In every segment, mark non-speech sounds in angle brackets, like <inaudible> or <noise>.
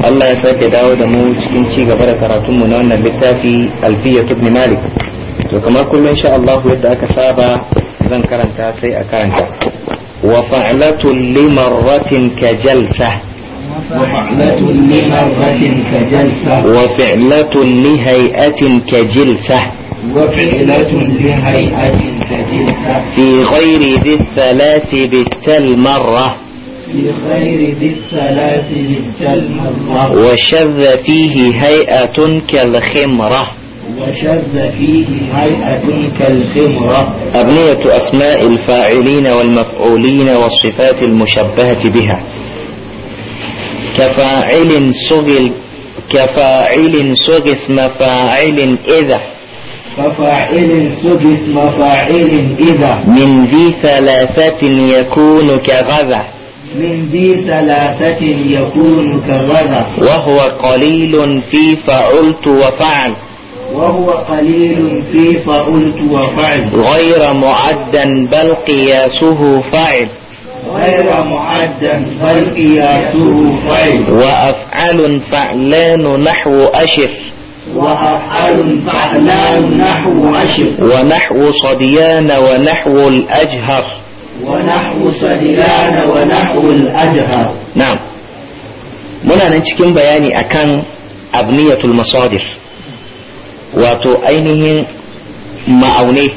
Allah ya sake dawo da mu cikin ci gaba da karatunmu na wannan littafi alfiya ibn malik to kamar kullum insha Allah yadda aka saba zan karanta sai a karanta wa fa'latun limarratin ka jalsa وفعلة لمرة كجلسة وفعلة لهيئة كجلسة وفعلة لهيئة كجلسة في غير ذي الثلاث بالتل مرة في خير ذي السلاسل كالمضمرة وشذ فيه هيئة كالخمرة وشذ فيه هيئة كالخمرة أبنية أسماء الفاعلين والمفعولين والصفات المشبهة بها كفاعل سجل كفاعل سج اسم فاعل إذا كفاعل سج اسم فاعل إذا من ذي ثلاثة يكون كغذا من ذي ثلاثة يكون كغدا وهو قليل في فعلت وفعل وهو قليل في فعلت وفعل غير معدا بل قياسه فعل غير معدا بل قياسه فعل وأفعل فعلان نحو أشر وأفعل فعلان نحو أشر ونحو صديان ونحو الأجهر ونحو ونحو الأجهر نعم muna nan cikin bayani akan abniyatul masadir wato ainihin ma'aunai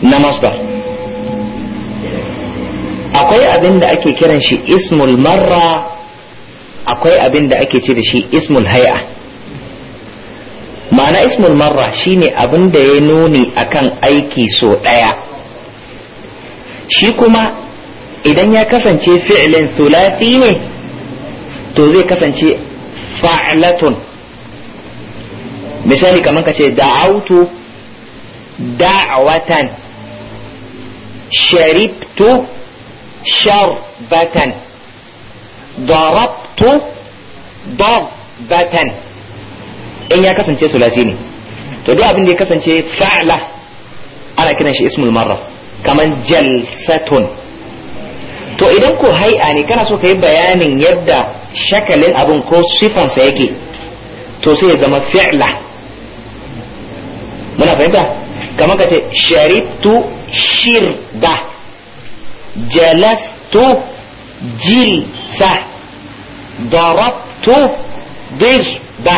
na masdar akwai abin da ake kiran shi ismul marra akwai abin da ake ce da shi ismul hai'a ma'ana ismul marra shine abin da ya nuni akan aiki so ɗaya shi kuma idan ya kasance fi'lin thulathi ne to zai kasance fa'latun misali kamar ka ce da'autu da'awatan sharibtu sharbatan darabtu darbatan in ya kasance sulasi ne to duk abin da ya kasance fa'la ana kiran shi ismul marra kamar jalsatun to idan ko hai'a ne kana so ka yi bayanin yadda shakalin abun ko sifansa yake to sai ya zama fi'la muna fahimta kamar ka ce sharibtu shirba jalastu jilsa darabtu dirba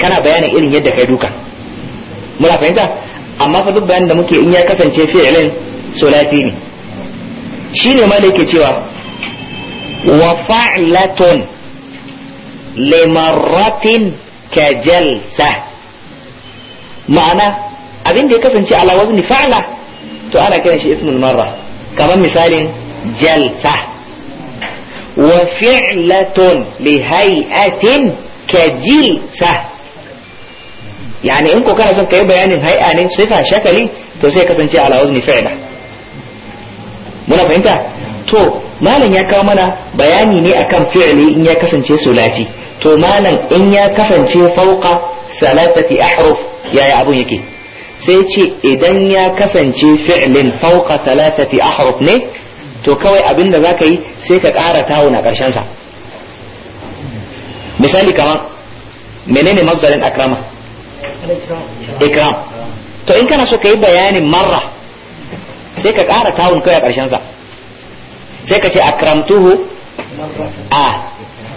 kana bayanin irin yadda kai duka muna fahimta amma fa duk bayan da muke in ya kasance fi'ilin sulafi ne shine ma da yake cewa wa fa'latun limarratin kajalsa ma'ana abin da ya kasance ala wazni fa'la to ana kiran shi ismul marra kamar misalin jalsa wa fi'latun li hay'atin jilsa. yani in ko kana son kai bayanin hay'a ne sifa shakali to sai kasance ala wazni fa'ila muna fahimta to malam ya kawo mana bayani ne akan fi'li in ya kasance sulati to malam in ya kasance fauqa salatati ahruf yaya abun yake sai ce idan ya kasance fi'lin fauqa salatati ahruf ne to kawai abin da zaka yi sai ka ƙara tawuna karshen sa misali kamar menene masdarin akrama ikram to in kana so ka yi bayanin marra sai ka ƙara tawun kai a karshen sa sai ka ce akramtuhu a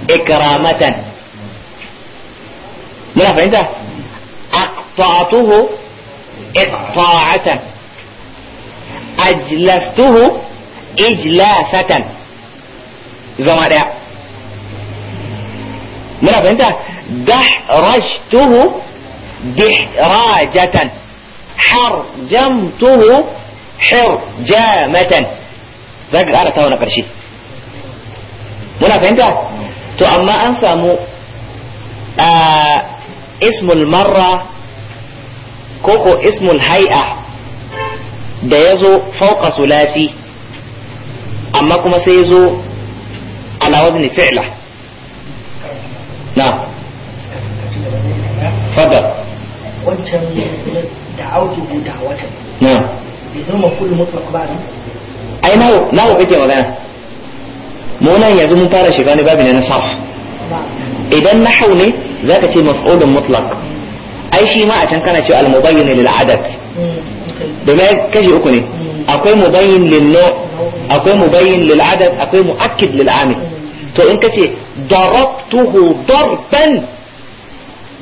ikramatan muna fahimta aqta'tuhu iqta'atan ajlastuhu ijlasatan zama daya muna fahimta dahrajtuhu har دحراجة har حرجامة za ka ƙara tawa na ƙarshe muna fahimta to amma an samu a ismul marra koko ko ismul hai'a da ya zo fauka amma kuma sai ya zo ala wazni na fadar wancan da auki da watan na bai zama kullu mutlaq ba ne ai nawo nawo kake magana mu nan yanzu mun fara shiga ne babu ne na sarf idan nahwu ne zaka ce maf'ulun mutlaq ai shi ma a can kana cewa al-mubayyin lil adad hmm, domin kashi uku ne hmm. akwai mubayyin lil no akwai mubayyin lil adad akwai muakkid lil amil hmm. to in kace darabtuhu darban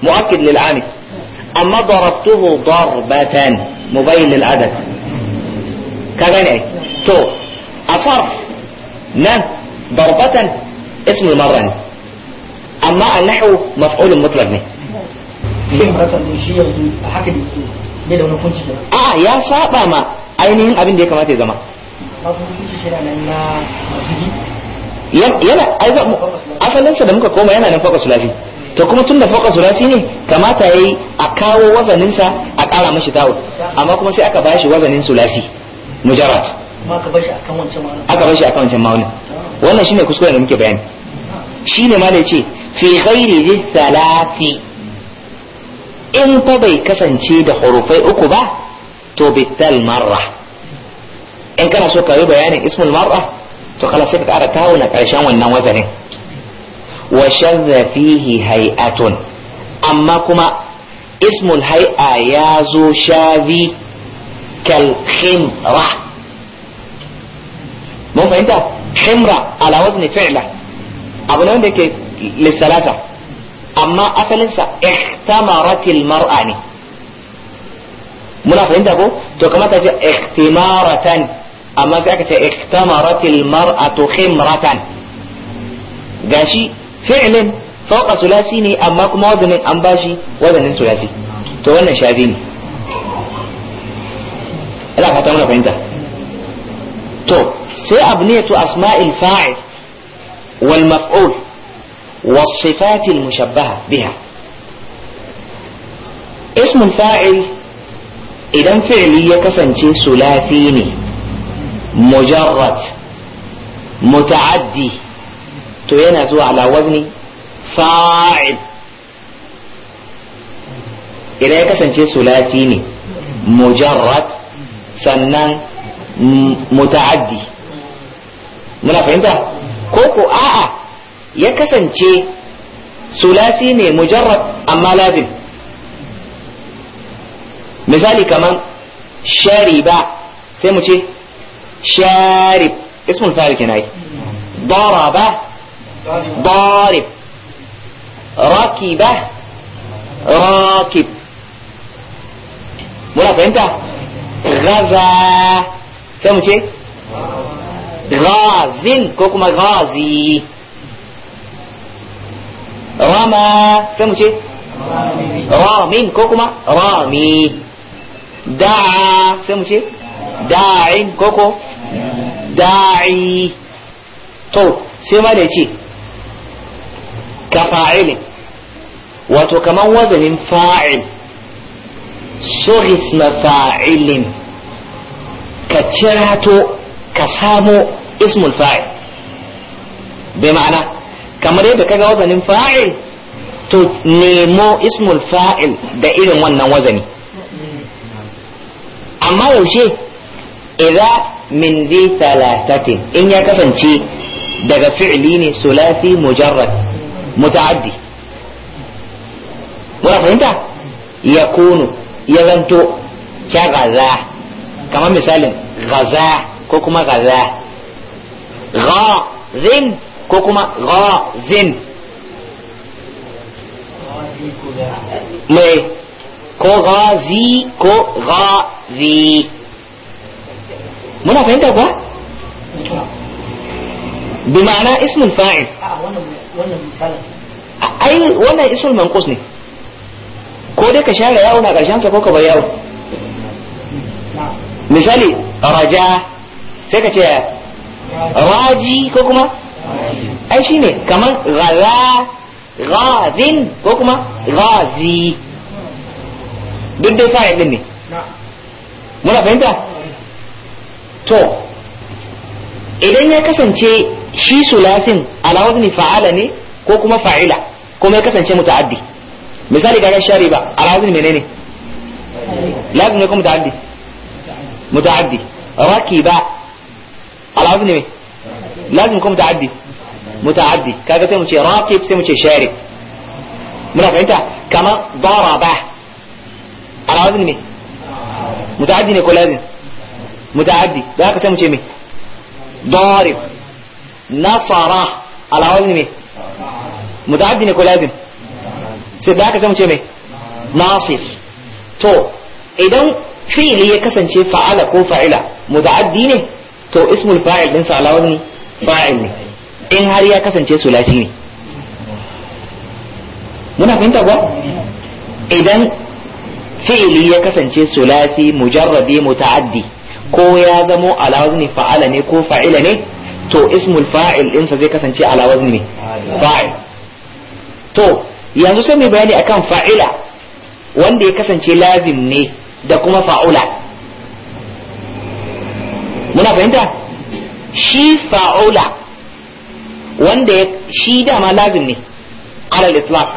muakkid lil amil amma darabtuhu darbatan mubayyin lil adad ka gane to asar nan darbatan ismul marra ne amma annahu maf'ulun mutlaq ne a ya saba ma ainihin abin da ya kamata ya zama yana asalin sa da muka koma yana nan fakas lafi to kuma tun da fauka sulasi ne kamata yayi a kawo wazanin sa a kara mashi tawul amma kuma sai aka bashi wazanin sulasi mujarrad aka bashi akan wancan aka bashi akan wancan wannan shine kuskure da muke bayani shine ma da yace fi ghairi salati in fa bai kasance da hurufai uku ba to bital marra in kana so ka yi bayanin ismul mara to kala sai ka ƙara kawo na ƙarshen wannan wazanin وشذ فيه هيئة أما كما اسم الهيئة يازو شاذي كالخمرة مو فهمت خمرة على وزن فعلة أبو نعم ديك للثلاثة أما أصل إنسا اختمرت المرأة منا فهمت أبو تو تجي اختمارة أما زيك اختمرت المرأة خمرة قاشي فعلا فوق ثلاثي ني اما كما وزن امباشي وزن ثلاثي تو wannan shazi ne ala عندها تو سي ابنية اسماء الفاعل والمفعول والصفات المشبهة بها اسم الفاعل إذا فعلية كسن ثلاثيني مجرد متعدي to yana zuwa ala wazni fa'il idan ya kasance sulasi ne mujarrad sannan muta'addi muna fahimta ko ko a'a ya kasance sulasi ne mujarrad amma lazim misali kaman shariba sai mu ce sharib ismul fa'il kenan daraba ضارب ركب راكب muna fahimta gaza sai mu ce gazin ko kuma gazi rama sai mu ce ramin ko kuma rami da'a sai mu ce da'in da'i to sai ma ka fa'ilin wato kaman wazanin fa'il sughis mafa'ilin ka cirato ka samo ismul fa'il bai ma'ana kamar yadda kaga wazanin fa'il to nemo ismul fa'il da irin wannan wazani amma yaushe idza min di talatatin in ya kasance daga fi'li ne sulasi mujarrad متعدي ولا فهمت يكون يغنت كغذا كما مثال غذا كوكما غذا غا ذن كوكما غا ذن مي كو غازي كو غازي منا فهمت بمعنى اسم فاعل wannan misalin ai isul manqus ne ko dai ka share yawo na karshen sa ko ka bar yawo misali raja sai ka ce raji ko kuma ai shine kaman ghaza ghazin ko kuma ghazi duk dai fa'il din ne muna fahimta to idan ya kasance shi sulasin ala wazni fa'ala ne ko kuma fa'ila kuma ya kasance muta'addi misali ga shari ba ala wazni menene lazim ne ko muta'addi muta'addi raki ba ala wazni me lazim ko muta'addi muta'addi kaga sai mu ce raqib sai mu ce shari muna fahimta kamar daraba ala wazni me muta'addi ne ko lazim muta'addi da haka sai mu ce me ضارب نصر على وزن مي متعدي ne ko lazim sai da aka sai nasir to idan fi'ili ya kasance fa'ala ko fa'ila muta'addi ne to ismul fa'il din sa ala wazni ne in har ya kasance sulasi ne muna idan ya kasance sulasi mujarradi muta'addi ko ya zamo ala wazni fa'ala ne ko fa'ila ne to ismul fa'il din sa zai kasance ala wazni fa'il to yanzu sai mai bayani akan fa'ila wanda ya kasance lazim ne da kuma fa'ula muna fahimta shi fa'ula wanda shi dama lazim ne alal itlaq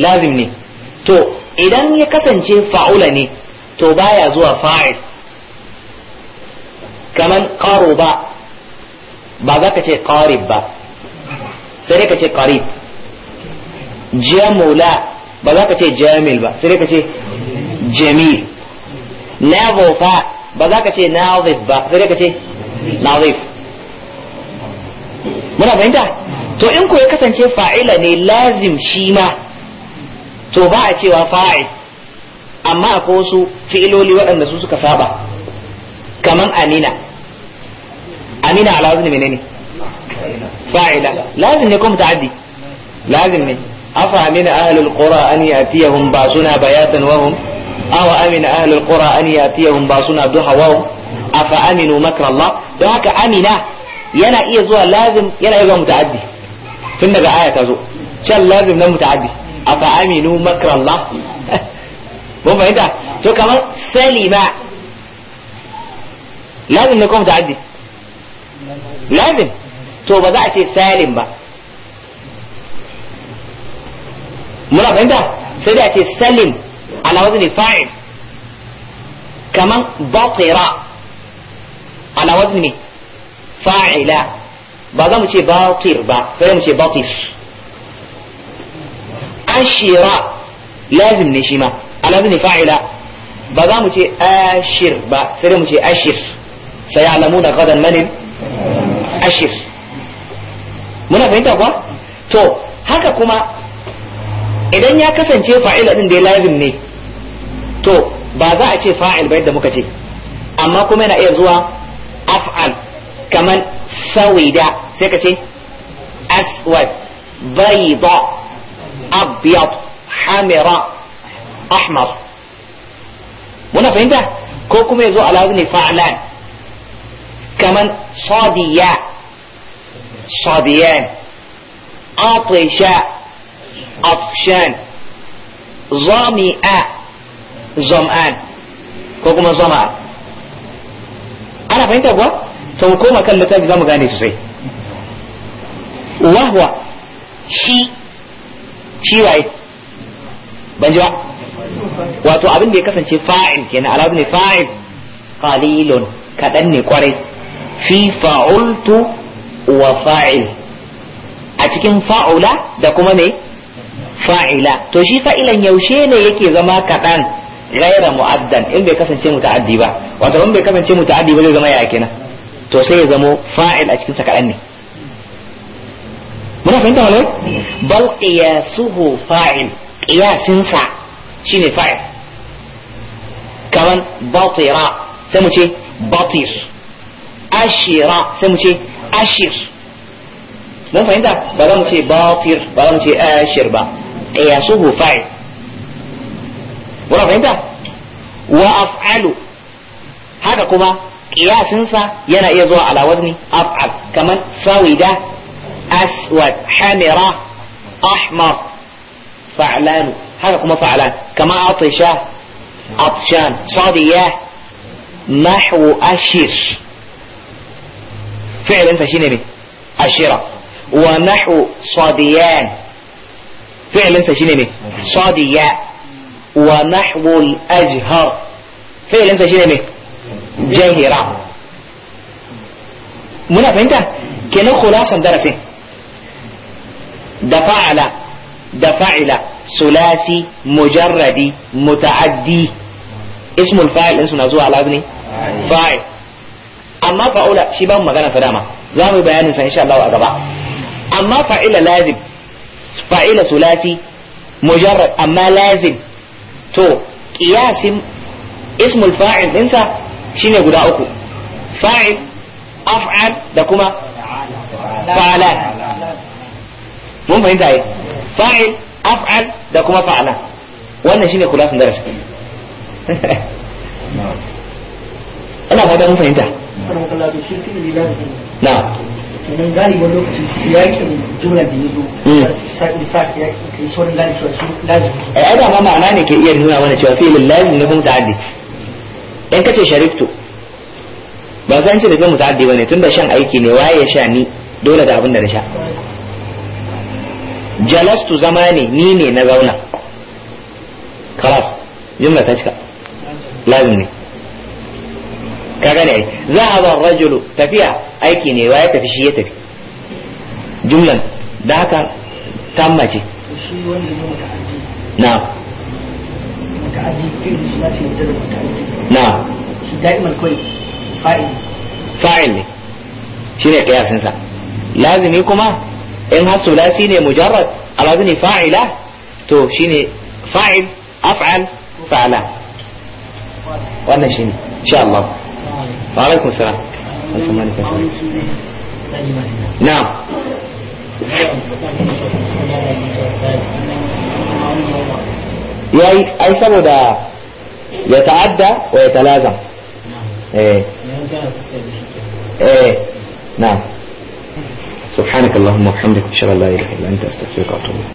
lazim ne to idan ya kasance fa'ula ne to baya zuwa fa'il kaman karo ba ba za ka ce karib ba sai dai ka ce karib jamula ba za ka ce jamil ba sai dai ka ce jamil nazifa ba za ka ce nazif ba sai dai ka ce nazif muna fahimta to in ko ya kasance fa'ila ne lazim shi ma to ba a cewa fa'il amma akwai wasu fi'iloli waɗanda su suka saba kaman anina أمينة على وزن من أني فاعلة لازم يكون متعدي لازم أفع من أهل القرى أن يأتيهم باسنا بياتا وهم أو أمن أهل القرى أن يأتيهم باسنا دوحا وهم أفأمنوا مكر الله دوحك أمينة ينا إيه زوا لازم ينا إيه متعدي ثم بآية تزو شل لازم نم متعدي أفأمنوا مكر الله <laughs> مو فهمت تو كمان سليمة لازم نكون متعدي lazim to ba za a ce salim ba muna fahimta sai dai a ce salim ala wazni fa'il kaman batira ala wazni fa'ila ba za mu ce batir ba sai mu ce batir ashira lazim ne shi ma ala wazni fa'ila ba za mu ce ashir ba sai mu ce ashir sayalamuna gadan manin ashir muna fahimta kuwa to haka kuma idan ya kasance fa'il ɗin din ya lazim ne to ba za a ce fa'il ba yadda muka ce amma kuma yana iya zuwa af'al kaman sawida sai ka ce aswad bayda abyad hamira ahmar muna fahimta ko kuma ya zo a lazim fa'lan kaman sadiya sadiyan atisha afshan zami'a zam'an ko kuma zama'a ana fahimta kuwa to koma kan littafi zamu gane sosai wahwa shi shi waye ban ji wato abin da ya kasance fa'il kenan alazu ne ne kwarai fi fa'ultu wa fa'il a cikin fa'ula da kuma me fa'ila to shi fa'ilan yaushe ne yake zama kaɗan gaira mu'addan in bai kasance muta'addi ba wato in bai kasance muta'addi ba zai zama ya kenan to sai ya zamo fa'il a cikin sa kaɗan ne muna fahimta wani bal qiyasuhu fa'il qiyasin shine fa'il kaman batira sai mu ce batir أشيرا سمو شيء أشير مو فهمت بلا مو شيء باطر بلا مو شيء أشير با قياسه فعل ولا فهمت وأفعل هذا كما قياس انسى ينا يزوى على وزني أفعل كمان سويدة أسود حمرة أحمر فعلان هذا كما فعلان كما أطشاه أطشان صديه نحو أشير فعل انت شنو بي الشراء ونحو صاديان فعل انت شنو بي صاديا ونحو الاجهر فعل انت شنو بي جاهرا منا فهمت كنا خلاصا درسين دفعل دفعل ثلاثي مجردي متعدي اسم الفاعل انسوا نزوه على اذني فاعل amma fa'ula shi ba mu magana sa dama za mu bayanin sa insha Allah a gaba amma fa'ila lazim fa'ila sulasi mujarrad amma lazim to qiyasin ismul fa'il dinsa shine guda uku fa'il af'al da kuma fa'alan mun fahimta yi fa'il af'al da kuma fa'alan wannan shine kulasin darasi <laughs> ina fata mun fahimta na domin galibi lokacin siyakin jumla da ya zo hmm. eh, ai da ma ma'ana ne ke iya nuna mana cewa fi'ilin lazim ne kuma ta'addi in ce shariktu ba san ce daga muta'addi bane da shan aiki ne waye ya sha ni dole da abin da na sha jalastu zama ne ni ne na zauna kalas jumla ta cika lazim ne ka gane ai zahaba rajulu tafiya aiki ne wa ya tafi shi ya tafi jumlan da haka tamma ce na na fa'il ne shi ne kiyasinsa lazimi kuma in har sulasi ne mujarrad ala zini fa'ila to shine fa'il af'al fa'ala wannan shi ne. insha Allah وعليكم السلام وعليكم السلام عليكم نعم أي سبب يتعدى ويتلازم إيه إيه نعم سبحانك اللهم وبحمدك إن شاء الله لا إله إلا أنت أستغفرك وأتوب